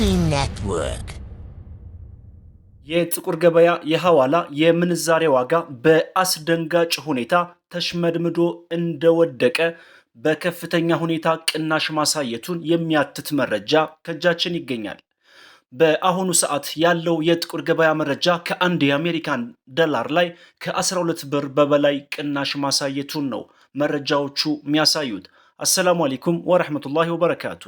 Network የጥቁር ገበያ የሐዋላ የምንዛሬ ዋጋ በአስደንጋጭ ሁኔታ ተሽመድምዶ እንደወደቀ በከፍተኛ ሁኔታ ቅናሽ ማሳየቱን የሚያትት መረጃ ከእጃችን ይገኛል። በአሁኑ ሰዓት ያለው የጥቁር ገበያ መረጃ ከአንድ የአሜሪካን ዶላር ላይ ከ12 ብር በበላይ ቅናሽ ማሳየቱን ነው መረጃዎቹ የሚያሳዩት። አሰላሙ አለይኩም ወረሕመቱላሂ ወበረካቱ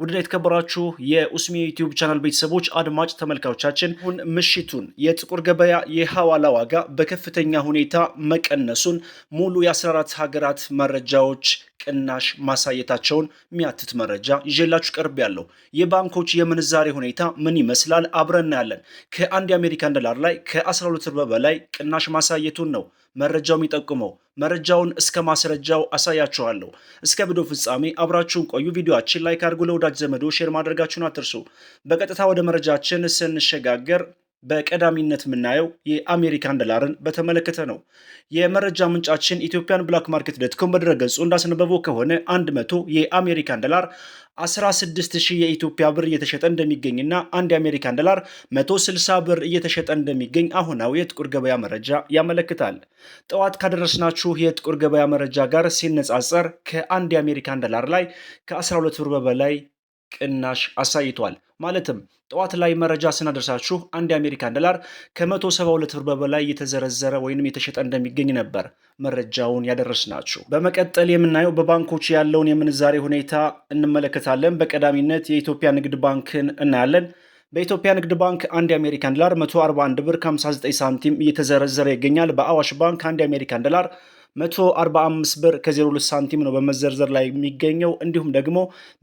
ውድና የተከበራችሁ የኡስሚ ዩቲዩብ ቻናል ቤተሰቦች አድማጭ ተመልካቾቻችን አሁን ምሽቱን የጥቁር ገበያ የሐዋላ ዋጋ በከፍተኛ ሁኔታ መቀነሱን ሙሉ የ14 ሀገራት መረጃዎች ቅናሽ ማሳየታቸውን የሚያትት መረጃ ይዤላችሁ ቀርብ ያለው የባንኮች የምንዛሬ ሁኔታ ምን ይመስላል አብረን እናያለን። ከአንድ የአሜሪካን ዶላር ላይ ከ12 ብር በላይ ቅናሽ ማሳየቱን ነው መረጃው የሚጠቁመው። መረጃውን እስከ ማስረጃው አሳያችኋለሁ። እስከ ቪዲዮ ፍጻሜ አብራችሁን ቆዩ። ቪዲዮችን ላይክ አድርጉ፣ ለወዳጅ ዘመዶ ሼር ማድረጋችሁን አትርሱ። በቀጥታ ወደ መረጃችን ስንሸጋገር በቀዳሚነት የምናየው የአሜሪካን ዶላርን በተመለከተ ነው። የመረጃ ምንጫችን ኢትዮጵያን ብላክ ማርኬት ዶትኮም በድረገጹ እንዳስነበበው ከሆነ 100 የአሜሪካን ዶላር 16000 የኢትዮጵያ ብር እየተሸጠ እንደሚገኝና አንድ የአሜሪካን ዶላር 160 ብር እየተሸጠ እንደሚገኝ አሁናዊ የጥቁር ገበያ መረጃ ያመለክታል። ጠዋት ካደረስናችሁ የጥቁር ገበያ መረጃ ጋር ሲነጻጸር ከአንድ የአሜሪካን ዶላር ላይ ከ12 ብር በላይ ቅናሽ አሳይቷል። ማለትም ጠዋት ላይ መረጃ ስናደርሳችሁ አንድ የአሜሪካን ዶላር ከ172 ብር በላይ የተዘረዘረ ወይንም የተሸጠ እንደሚገኝ ነበር መረጃውን ያደረስናችሁ። በመቀጠል የምናየው በባንኮች ያለውን የምንዛሬ ሁኔታ እንመለከታለን። በቀዳሚነት የኢትዮጵያ ንግድ ባንክን እናያለን። በኢትዮጵያ ንግድ ባንክ አንድ የአሜሪካን ዶላር 141 ብር 59 ሳንቲም እየተዘረዘረ ይገኛል። በአዋሽ ባንክ አንድ የአሜሪካን ዶላር 145 ብር ከ02 ሳንቲም ነው በመዘርዘር ላይ የሚገኘው። እንዲሁም ደግሞ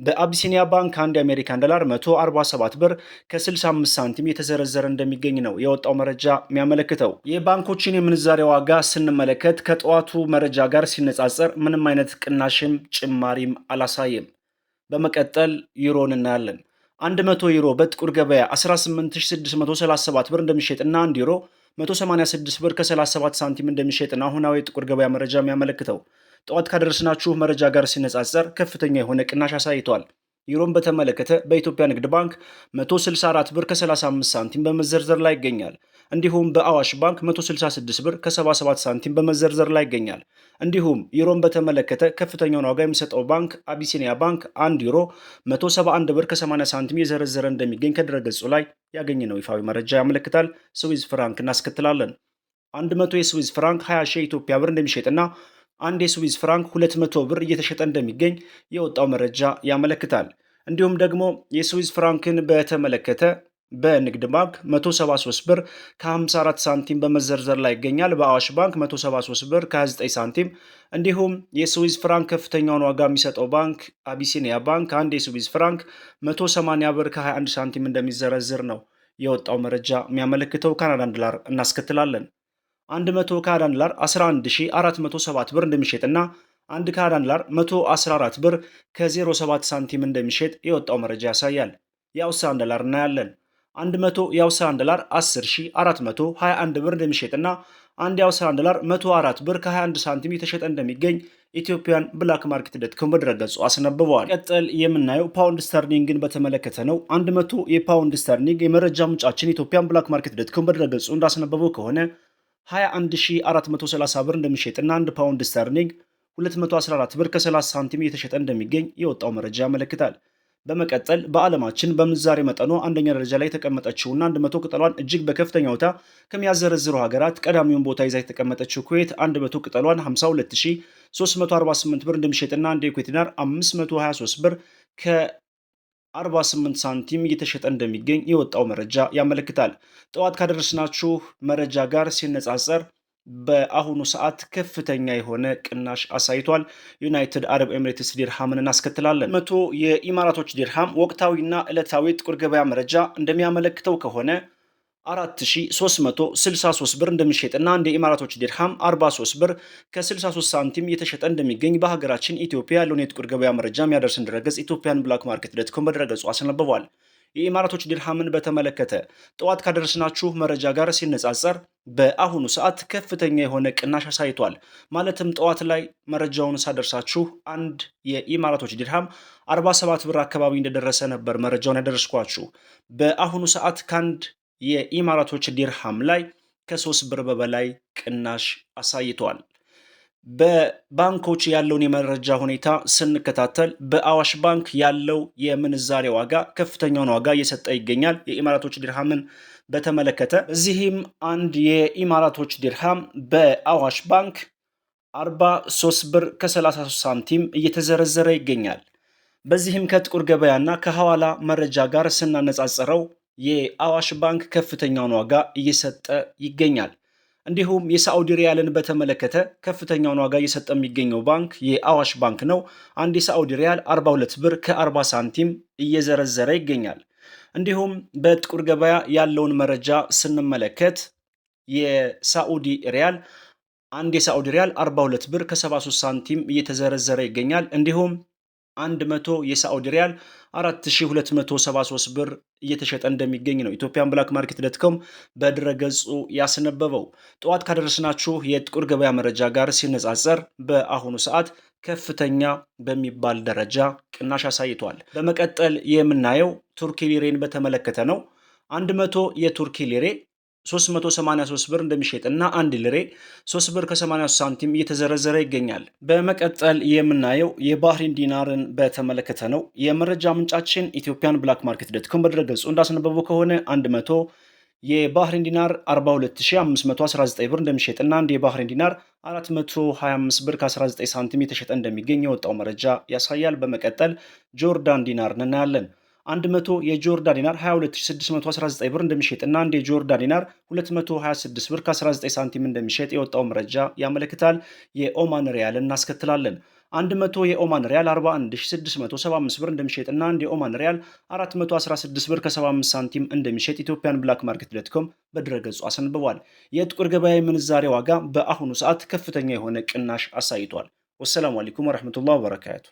በአቢሲኒያ ባንክ አንድ የአሜሪካን ዶላር 147 ብር ከ65 ሳንቲም የተዘረዘረ እንደሚገኝ ነው የወጣው መረጃ የሚያመለክተው። የባንኮችን የምንዛሬ ዋጋ ስንመለከት ከጠዋቱ መረጃ ጋር ሲነጻጸር ምንም አይነት ቅናሽም ጭማሪም አላሳይም። በመቀጠል ዩሮን እናያለን። 100 ዩሮ በጥቁር ገበያ 18637 ብር እንደሚሸጥ 1 ዩሮ 186 ብር ከ37 ሳንቲም እንደሚሸጥ ነው አሁናዊ ጥቁር ገበያ መረጃ የሚያመለክተው። ጠዋት ካደረስናችሁ መረጃ ጋር ሲነጻጸር ከፍተኛ የሆነ ቅናሽ አሳይቷል። ዩሮን በተመለከተ በኢትዮጵያ ንግድ ባንክ 164 ብር ከ35 ሳንቲም በመዘርዘር ላይ ይገኛል። እንዲሁም በአዋሽ ባንክ 166 ብር ከ77 ሳንቲም በመዘርዘር ላይ ይገኛል። እንዲሁም ዩሮን በተመለከተ ከፍተኛውን ዋጋ የሚሰጠው ባንክ አቢሲኒያ ባንክ 1 ዩሮ 171 ብር ከ80 ሳንቲም የዘረዘረ እንደሚገኝ ከድረገጹ ላይ ያገኘነው ይፋዊ መረጃ ያመለክታል። ስዊዝ ፍራንክ እናስከትላለን። 100 የስዊዝ ፍራንክ 20 ሺህ ኢትዮጵያ ብር እንደሚሸጥና አንድ የስዊዝ ፍራንክ 200 ብር እየተሸጠ እንደሚገኝ የወጣው መረጃ ያመለክታል። እንዲሁም ደግሞ የስዊዝ ፍራንክን በተመለከተ በንግድ ባንክ 173 ብር ከ54 ሳንቲም በመዘርዘር ላይ ይገኛል። በአዋሽ ባንክ 173 ብር ከ29 ሳንቲም እንዲሁም የስዊዝ ፍራንክ ከፍተኛውን ዋጋ የሚሰጠው ባንክ አቢሲኒያ ባንክ አንድ የስዊዝ ፍራንክ 180 ብር ከ21 ሳንቲም እንደሚዘረዝር ነው የወጣው መረጃ የሚያመለክተው። ካናዳን ዶላር እናስከትላለን። 100 ካናዳን ዶላር 11407 ብር እንደሚሸጥና አንድ ካናዳን ዶላር 114 ብር ከ07 ሳንቲም እንደሚሸጥ የወጣው መረጃ ያሳያል። የአውስትራሊያን ዶላር እናያለን። 100 የአውስትራሊያን ዶላር 10421 ብር እንደሚሸጥና አንድ የአውስትራሊያን ዶላር 104 ብር ከ21 ሳንቲም የተሸጠ እንደሚገኝ ኢትዮጵያን ብላክ ማርኬት ዶት ኮም በድረገጹ አስነብበዋል። ቀጥል የምናየው ፓውንድ ስተርሊንግን በተመለከተ ነው። 100 የፓውንድ ስተርሊንግ የመረጃ ምንጫችን ኢትዮጵያን ብላክ ማርኬት ዶት ኮም በድረገጹ እንዳስነበበው ከሆነ 21430 ብር እንደሚሸጥና 1 ፓውንድ ስተርሊንግ 214 ብር ከ30 ሳንቲም እየተሸጠ እንደሚገኝ የወጣው መረጃ ያመለክታል። በመቀጠል በዓለማችን በምንዛሬ መጠኗ አንደኛ ደረጃ ላይ የተቀመጠችውና 100 ቅጠሏን እጅግ በከፍተኛ ሁኔታ ከሚያዘረዝሩ ሀገራት ቀዳሚውን ቦታ ይዛ የተቀመጠችው ኩዌት 100 ቅጠሏን 52348 ብር እንደሚሸጥና አንድ የኩዌት ዲናር 523 ብር 48 ሳንቲም እየተሸጠ እንደሚገኝ የወጣው መረጃ ያመለክታል። ጠዋት ካደረስናችሁ መረጃ ጋር ሲነጻጸር በአሁኑ ሰዓት ከፍተኛ የሆነ ቅናሽ አሳይቷል። ዩናይትድ አረብ ኤምሬትስ ዲርሃምን እናስከትላለን። መቶ የኢማራቶች ዲርሃም ወቅታዊና ዕለታዊ ጥቁር ገበያ መረጃ እንደሚያመለክተው ከሆነ 4363 ብር እንደሚሸጥና እንደ ኢማራቶች ዲርሃም 43 ብር ከ63 ሳንቲም የተሸጠ እንደሚገኝ በሀገራችን ኢትዮጵያ ያለውን የጥቁር ገበያ መረጃ የሚያደርሰን ድረገጽ ኢትዮጵያን ብላክ ማርኬት ዶት ኮም በድረገጹ አስነብቧል። የኢማራቶች ዲርሃምን በተመለከተ ጠዋት ካደረስናችሁ መረጃ ጋር ሲነጻጸር በአሁኑ ሰዓት ከፍተኛ የሆነ ቅናሽ አሳይቷል። ማለትም ጠዋት ላይ መረጃውን ሳደርሳችሁ አንድ የኢማራቶች ዲርሃም 47 ብር አካባቢ እንደደረሰ ነበር መረጃውን ያደረስኳችሁ። በአሁኑ ሰዓት ከአንድ የኢማራቶች ዲርሃም ላይ ከሶስት ብር በበላይ ቅናሽ አሳይቷል። በባንኮች ያለውን የመረጃ ሁኔታ ስንከታተል በአዋሽ ባንክ ያለው የምንዛሬ ዋጋ ከፍተኛውን ዋጋ እየሰጠ ይገኛል። የኢማራቶች ዲርሃምን በተመለከተ እዚህም አንድ የኢማራቶች ዲርሃም በአዋሽ ባንክ 43 ብር ከ33 ሳንቲም እየተዘረዘረ ይገኛል። በዚህም ከጥቁር ገበያና ከሐዋላ መረጃ ጋር ስናነጻጽረው የአዋሽ ባንክ ከፍተኛውን ዋጋ እየሰጠ ይገኛል። እንዲሁም የሳዑዲ ሪያልን በተመለከተ ከፍተኛውን ዋጋ እየሰጠ የሚገኘው ባንክ የአዋሽ ባንክ ነው። አንድ የሳዑዲ ሪያል 42 ብር ከ40 ሳንቲም እየዘረዘረ ይገኛል። እንዲሁም በጥቁር ገበያ ያለውን መረጃ ስንመለከት የሳዑዲ ሪያል አንድ የሳዑዲ ሪያል 42 ብር ከ73 ሳንቲም እየተዘረዘረ ይገኛል። እንዲሁም 100 የሳዑዲ ሪያል 4273 ብር እየተሸጠ እንደሚገኝ ነው ኢትዮጵያን ብላክ ማርኬት በድረ በድረገጹ ያስነበበው። ጠዋት ካደረስናችሁ የጥቁር ገበያ መረጃ ጋር ሲነጻጸር በአሁኑ ሰዓት ከፍተኛ በሚባል ደረጃ ቅናሽ አሳይቷል። በመቀጠል የምናየው ቱርኪ ሊሬን በተመለከተ ነው። 100 የቱርኪ ሊሬ 383 ብር እንደሚሸጥና አንድ ልሬ 3 ብር ከ83 ሳንቲም እየተዘረዘረ ይገኛል። በመቀጠል የምናየው የባህሪን ዲናርን በተመለከተ ነው። የመረጃ ምንጫችን ኢትዮጵያን ብላክ ማርኬት ዶትኮም በድረገጹ እንዳስነበቡ ከሆነ 100 የባህሪን ዲናር 42519 ብር እና አንድ የባህሪን ዲናር 425 ብር ከ19 ሳንቲም የተሸጠ እንደሚገኝ የወጣው መረጃ ያሳያል። በመቀጠል ጆርዳን ዲናርን እናያለን። 100 የጆርዳን ዲናር 22619 ብር እንደሚሸጥ እና አንድ የጆርዳን ዲናር 226 ብር ከ19 ሳንቲም እንደሚሸጥ የወጣው መረጃ ያመለክታል። የኦማን ሪያል እናስከትላለን። 100 የኦማን ሪያል 41675 ብር እንደሚሸጥ እና አንድ የኦማን ሪያል 416 ብር ከ75 ሳንቲም እንደሚሸጥ ኢትዮጵያን ብላክ ማርኬት ዶት በድረገጹ አሰንብቧል። የጥቁር ገበያ የምንዛሬ ዋጋ በአሁኑ ሰዓት ከፍተኛ የሆነ ቅናሽ አሳይቷል። ወሰላሙ አለይኩም ወረህመቱላህ ወበረካቱ